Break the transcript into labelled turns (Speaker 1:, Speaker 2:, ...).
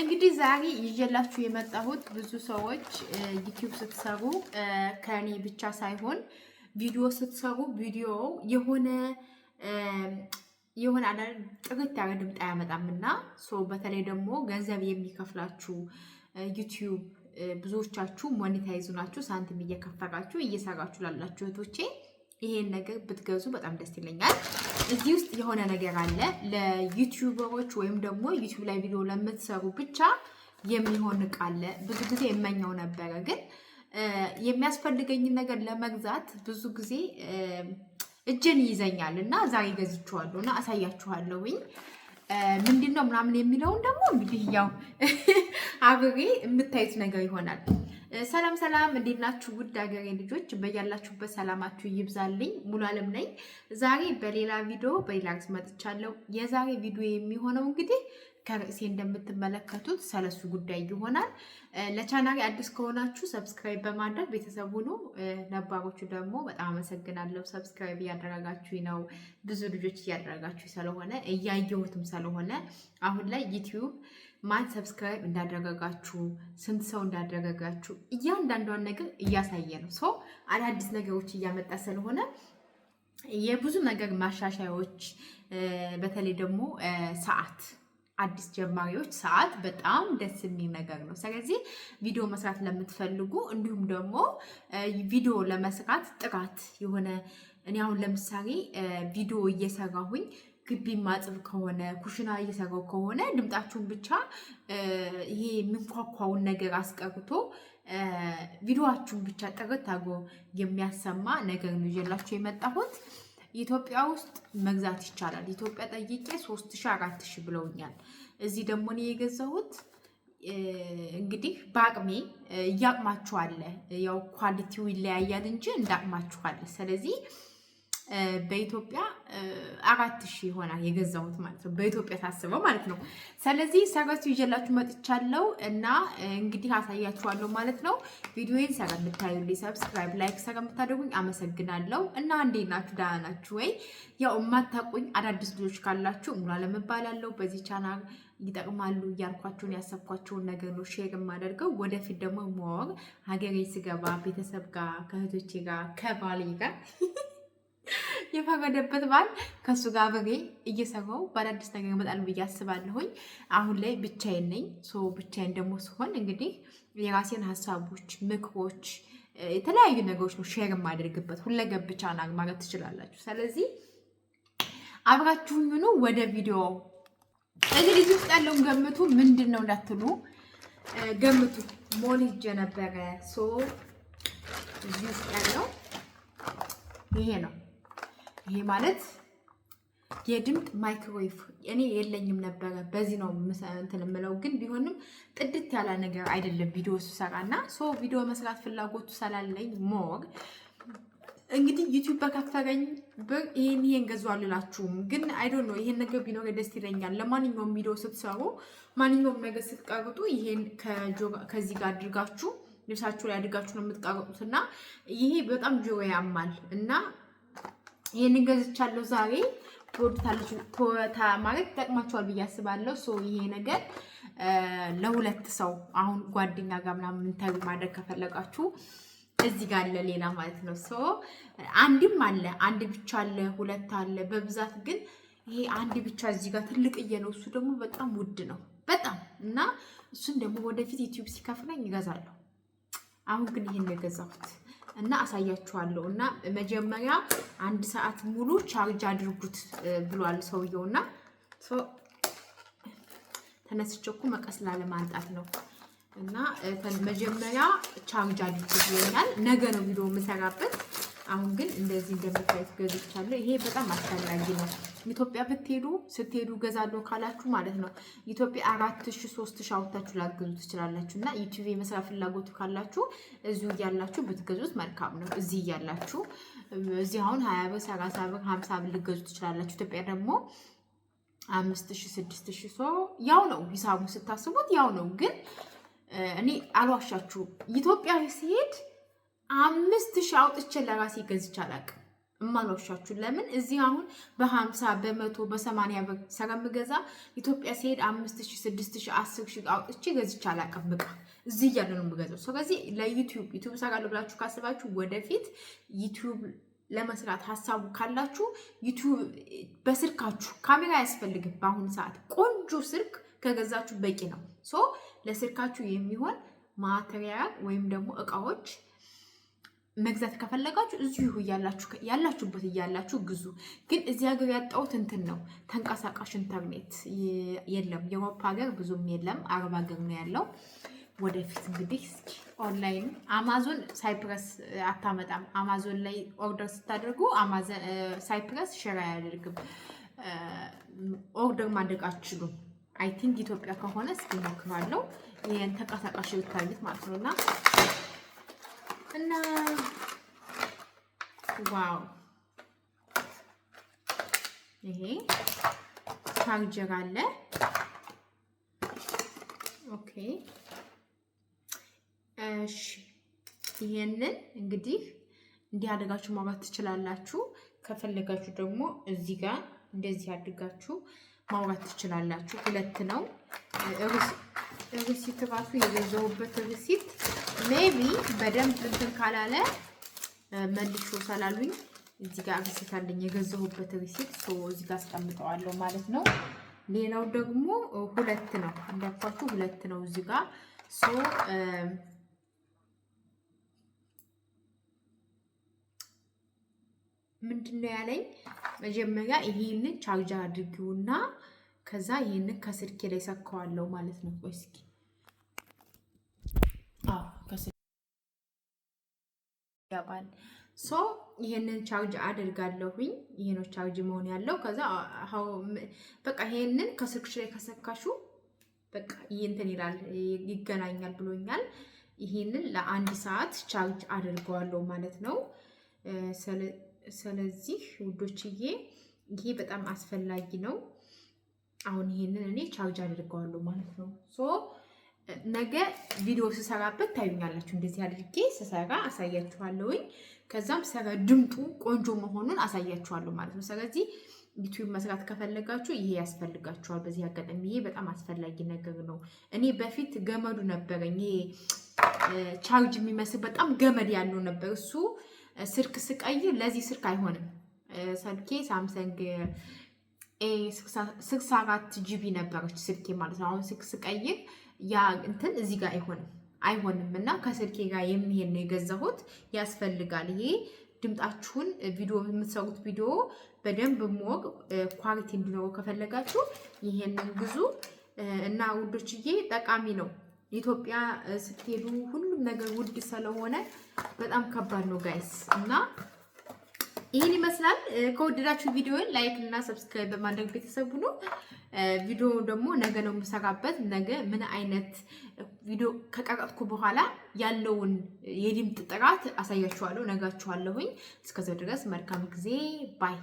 Speaker 1: እንግዲህ ዛሬ ይዤላችሁ የመጣሁት ብዙ ሰዎች ዩቲዩብ ስትሰሩ ከኔ ብቻ ሳይሆን ቪዲዮ ስትሰሩ ቪዲዮ የሆነ የሆነ አዳ ጥርት ያለ አያመጣም አያመጣምና በተለይ ደግሞ ገንዘብ የሚከፍላችሁ ዩቲዩብ ብዙዎቻችሁ ሞኔታይዙ ናችሁ፣ ሳንቲም እየከፈራችሁ እየሰራችሁ ላላችሁ እህቶቼ ይሄን ነገር ብትገዙ በጣም ደስ ይለኛል። እዚህ ውስጥ የሆነ ነገር አለ። ለዩቲዩበሮች ወይም ደግሞ ዩቲዩብ ላይ ቪዲዮ ለምትሰሩ ብቻ የሚሆን እቃ አለ። ብዙ ጊዜ የመኘው ነበረ፣ ግን የሚያስፈልገኝን ነገር ለመግዛት ብዙ ጊዜ እጅን ይይዘኛል እና ዛሬ ገዝቼዋለሁ እና አሳያችኋለሁኝ ምንድን ነው ምናምን የሚለውን ደግሞ እንግዲህ ያው አብሬ የምታዩት ነገር ይሆናል። ሰላም ሰላም፣ እንዴት ናችሁ? ውድ ሀገሬ ልጆች በያላችሁበት ሰላማችሁ ይብዛልኝ። ሙሉ አለም ነኝ። ዛሬ በሌላ ቪዲዮ በሌላ ርዕስ መጥቻለሁ። የዛሬ ቪዲዮ የሚሆነው እንግዲህ ከርዕሴ እንደምትመለከቱት ሰለሱ ጉዳይ ይሆናል። ለቻናሪ አዲስ ከሆናችሁ ሰብስክራይብ በማድረግ ቤተሰብ ሁኑ። ነባሮቹ ደግሞ በጣም አመሰግናለሁ። ሰብስክራይብ እያደረጋችሁ ነው፣ ብዙ ልጆች እያደረጋችሁ ስለሆነ እያየሁትም ስለሆነ አሁን ላይ ዩቲዩብ ማን ሰብስክራይብ እንዳደረጋችሁ ስንት ሰው እንዳደረጋችሁ እያንዳንዷን ነገር እያሳየ ነው። ሰው አዳዲስ ነገሮች እያመጣ ስለሆነ የብዙ ነገር ማሻሻያዎች፣ በተለይ ደግሞ ሰዓት አዲስ ጀማሪዎች ሰዓት በጣም ደስ የሚል ነገር ነው። ስለዚህ ቪዲዮ መስራት ለምትፈልጉ እንዲሁም ደግሞ ቪዲዮ ለመስራት ጥራት የሆነ እኔ አሁን ለምሳሌ ቪዲዮ እየሰራሁኝ ግቢ ማጽብ ከሆነ ኩሽና እየሰራው ከሆነ ድምጣችሁን ብቻ ይሄ የምንኳኳውን ነገር አስቀርቶ ቪዲዮችሁን ብቻ ጥርት አድርጎ የሚያሰማ ነገር ነው ይዤላችሁ የመጣሁት። ኢትዮጵያ ውስጥ መግዛት ይቻላል። ኢትዮጵያ ጠይቄ ሶስት ሺ አራት ሺ ብለውኛል። እዚህ ደግሞ እኔ የገዛሁት እንግዲህ በአቅሜ እያቅማችኋለ፣ ያው ኳሊቲው ይለያያል እንጂ እንዳቅማችኋለ። ስለዚህ በኢትዮጵያ አራት ሺህ ይሆናል የገዛሁት ማለት ነው። በኢትዮጵያ ታስበው ማለት ነው። ስለዚህ ሰረት ይዤላችሁ መጥቻለሁ እና እንግዲህ አሳያችኋለሁ ማለት ነው። ቪዲዮዬን ሰረ የምታዩልኝ ሰብስክራይብ፣ ላይክ ሰረ የምታደርጉኝ አመሰግናለሁ። እና እንዴት ናችሁ? ደህና ናችሁ ወይ? ያው የማታውቁኝ አዳዲስ ልጆች ካላችሁ ሙሉዓለም እባላለሁ በዚህ ቻናል ይጠቅማሉ እያልኳቸውን ያሰብኳቸውን ነገር ነው ሼር የማደርገው። ወደፊት ደግሞ ሞር ሀገሬ ስገባ ቤተሰብ ጋር ከእህቶቼ ጋር ከባሌ ጋር የፈረደበት ባል ከእሱ ጋር አብሬ እየሰራው በአዳዲስ ነገር እመጣለሁ ብዬ አስባለሁኝ። አሁን ላይ ብቻዬን ነኝ። ብቻዬን ደግሞ ሲሆን እንግዲህ የራሴን ሀሳቦች፣ ምክሮች፣ የተለያዩ ነገሮች ነው ሼር የማደርግበት ሁለገብ ቻናል ማለት ትችላላችሁ። ስለዚህ አብራችሁኝ ሁኑ። ወደ ቪዲዮ እንግዲህ እዚህ ውስጥ ያለውን ገምቱ። ምንድን ነው እንዳትሉ ገምቱ። ሞል ሂጄ ነበረ። እዚህ ውስጥ ያለው ይሄ ነው። ይሄ ማለት የድምፅ ማይክሮዌቭ እኔ የለኝም ነበረ። በዚህ ነው እንትን የምለው ግን ቢሆንም ጥድት ያለ ነገር አይደለም ቪዲዮ ስሰራ እና ሶ ቪዲዮ መስራት ፍላጎቱ ስላለኝ ሞር እንግዲህ ዩቲዩብ በከፈረኝ ብር ይሄን ይሄን ገዙ አልላችሁም፣ ግን አይዶን ነው ይሄን ነገር ቢኖር ደስ ይለኛል። ለማንኛውም ቪዲዮ ስትሰሩ፣ ማንኛውም ነገር ስትቀርጡ ይሄን ከዚህ ጋር አድርጋችሁ ልብሳችሁ ላይ አድርጋችሁ ነው የምትቀርጡት እና ይሄ በጣም ጆሮ ያማል እና ይህንን ገዝቻለሁ ዛሬ ትወዱታለች ተወታ ማለት ይጠቅማቸዋል ብዬ አስባለሁ። ሶ ይሄ ነገር ለሁለት ሰው አሁን ጓደኛ ጋር ምናምን ኢንተርቪ ማድረግ ከፈለጋችሁ እዚህ ጋር አለ ሌላ ማለት ነው። ሶ አንድም አለ አንድ ብቻ አለ ሁለት አለ። በብዛት ግን ይሄ አንድ ብቻ እዚህ ጋር ትልቅዬ ነው። እሱ ደግሞ በጣም ውድ ነው በጣም እና እሱን ደግሞ ወደፊት ዩቲዩብ ሲከፍለኝ ይገዛለሁ። አሁን ግን ይሄን የገዛሁት እና አሳያችኋለሁ። እና መጀመሪያ አንድ ሰዓት ሙሉ ቻርጅ አድርጉት ብሏል ሰውየው። እና ተነስቼ እኮ መቀስ ላለማንጣት ነው። እና መጀመሪያ ቻርጅ አድርጉት ይሆናል። ነገ ነው ቪዲዮ የምሰራበት። አሁን ግን እንደዚህ እንደምታዩት ገዝቻለሁ። ይሄ በጣም አስፈላጊ ነው። ኢትዮጵያ ብትሄዱ ስትሄዱ ገዛለሁ ካላችሁ ማለት ነው ኢትዮጵያ አራት ሺ ሶስት ሺ አውጥታችሁ ላገዙ ትችላላችሁ። እና ዩቲዩብ የመስራት ፍላጎቱ ካላችሁ እዚሁ እያላችሁ ብትገዙት መልካም ነው። እዚህ እያላችሁ እዚህ አሁን ሀያ ብር ሰላሳ ብር ሀምሳ ብር ልገዙ ትችላላችሁ። ኢትዮጵያ ደግሞ አምስት ሺ ስድስት ሺ ሰው ያው ነው ሂሳቡ ስታስቡት ያው ነው። ግን እኔ አልዋሻችሁም ኢትዮጵያ ሲሄድ አምስት ሺ አውጥቼ ለራሴ ገዝቼ አላውቅም። እማኖሻችሁ ለምን እዚህ አሁን በሀምሳ በመቶ በሰማንያ ብር ስለምገዛ ኢትዮጵያ ሲሄድ አምስት ሺ ስድስት ሺ አስር ሺ አውጥቼ ገዝቼ አላውቅም። ብቃ እዚህ እያለ ነው የምገዛው። ስለዚህ ለዩቲዩብ ዩቲዩብ እሰራለሁ ብላችሁ ካስባችሁ ወደፊት ዩቲዩብ ለመስራት ሀሳቡ ካላችሁ ዩቲዩብ በስልካችሁ ካሜራ አያስፈልግም። በአሁኑ ሰዓት ቆንጆ ስልክ ከገዛችሁ በቂ ነው። ሶ ለስልካችሁ የሚሆን ማቴሪያል ወይም ደግሞ እቃዎች መግዛት ከፈለጋችሁ እዚሁ እያላችሁ ያላችሁበት እያላችሁ ግዙ። ግን እዚህ ሀገር ያጣሁት እንትን ነው ተንቀሳቃሽ ኢንተርኔት የለም። የአውሮፓ ሀገር ብዙም የለም፣ አረብ ሀገር ነው ያለው። ወደፊት እንግዲህ እስኪ ኦንላይን አማዞን ሳይፕረስ አታመጣም። አማዞን ላይ ኦርደር ስታደርጉ ሳይፕረስ ሼር አያደርግም። ኦርደር ማድረግ አትችሉም። አይ ቲንክ ኢትዮጵያ ከሆነ እስኪ ሞክራለሁ። ይህን ተንቀሳቃሽ ብታዩት ማለት ነው እና እና ዋው ይሄ ቻርጀር አለ። ኦኬ እሺ፣ ይሄንን እንግዲህ እንዲያደርጋችሁ ማውራት ትችላላችሁ። ከፈለጋችሁ ደግሞ እዚህ ጋር እንደዚህ አድርጋችሁ ማውራት ትችላላችሁ። ሁለት ነው ሪሲት ራሱ የገዛሁበት ሪሲት ሜቢ በደንብ እንትን ካላለ መልሾ ሰላሉኝ እዚህ ጋር ሪሴት አለኝ የገዛሁበት ሪሴት ሶ እዚህ ጋር አስቀምጠዋለሁ ማለት ነው። ሌላው ደግሞ ሁለት ነው እንዳልኳችሁ ሁለት ነው እዚህ ጋር ሶ ምንድነው ያለኝ መጀመሪያ ይሄንን ቻርጅ አድርጊውና ከዛ ይሄንን ከስልኬ ላይ ሰካዋለሁ ማለት ነው። ቆይ እስኪ ይገባል። ሶ ይሄንን ቻርጅ አድርጋለሁኝ። ይሄ ነው ቻርጅ መሆን ያለው። ከዛ በቃ ይሄንን ከስልክሽ ላይ ከሰካሹ በቃ ይህንትን ይላል ይገናኛል ብሎኛል። ይሄንን ለአንድ ሰዓት ቻርጅ አድርገዋለሁ ማለት ነው። ስለዚህ ውዶችዬ ይሄ በጣም አስፈላጊ ነው። አሁን ይሄንን እኔ ቻርጅ አድርገዋለሁ ማለት ነው ሶ ነገ ቪዲዮ ስሰራበት ታዩኛላችሁ። እንደዚህ አድርጌ ስሰራ አሳያችኋለሁኝ። ከዛም ሰረ ድምጡ ቆንጆ መሆኑን አሳያችኋለሁ ማለት ነው። ስለዚህ ዩቲዩብ መስራት ከፈለጋችሁ ይሄ ያስፈልጋችኋል። በዚህ አጋጣሚ ይሄ በጣም አስፈላጊ ነገር ነው። እኔ በፊት ገመዱ ነበረኝ። ይሄ ቻርጅ የሚመስል በጣም ገመድ ያለው ነበር። እሱ ስልክ ስቀይር ለዚህ ስልክ አይሆንም። ስልኬ ሳምሰንግ ኤ 64 ጂቢ ነበረች ስልኬ ማለት ነው። አሁን ስልክ ስቀይር ያ እንትን እዚህ ጋር አይሆንም አይሆንም እና ከስልኬ ጋር የሚሄድ ነው የገዛሁት። ያስፈልጋል። ይሄ ድምጣችሁን ቪዲዮ የምትሰሩት ቪዲዮ በደንብ ሞቅ ኳሊቲ እንዲኖረው ከፈለጋችሁ ይሄንን ግዙ እና ውዶችዬ፣ ጠቃሚ ነው። ኢትዮጵያ ስትሄዱ ሁሉም ነገር ውድ ስለሆነ በጣም ከባድ ነው ጋይስ እና ይህን ይመስላል። ከወደዳችሁ ቪዲዮን ላይክ እና ሰብስክራይብ በማድረግ ቤተሰብ ሁኑ። ቪዲዮ ደግሞ ነገ ነው የምሰራበት። ነገ ምን አይነት ቪዲዮ ከቀረጥኩ በኋላ ያለውን የድምፅ ጥራት አሳያችኋለሁ፣ ነጋችኋለሁኝ። እስከዚያው ድረስ መልካም ጊዜ ባይ